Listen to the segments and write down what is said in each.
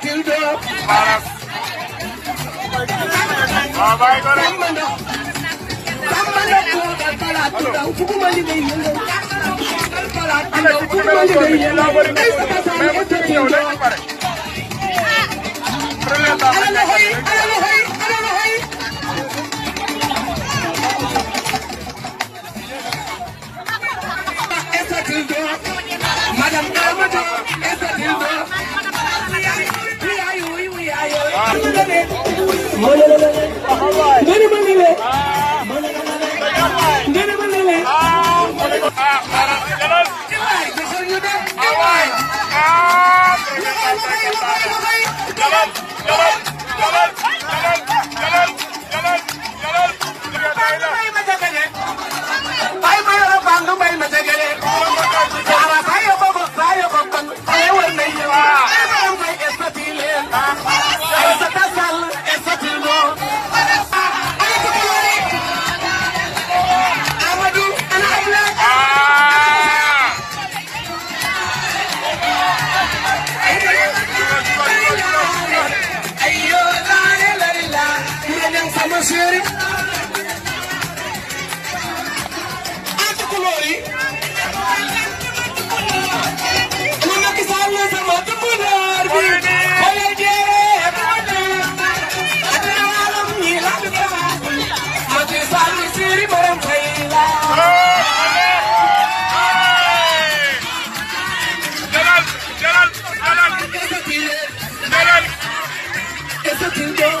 tildo baras babay ko rek mando samana ko dal bala tildo fuguma liggéey yëngal dal bala tildo fuguma liggéey yëngal mais bu ci ñëw rek pare Ndene ma ne le sama chéri entre couleur yi lu nekk saal la sama dëmbanaar bi wala jeere alam ñi la ma ci saal la chéri maram fay la Jalal, Jalal, Jalal, Jalal.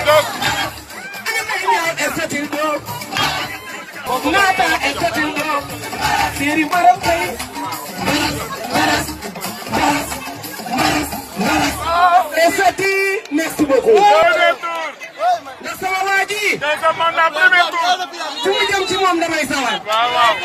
waaw waaw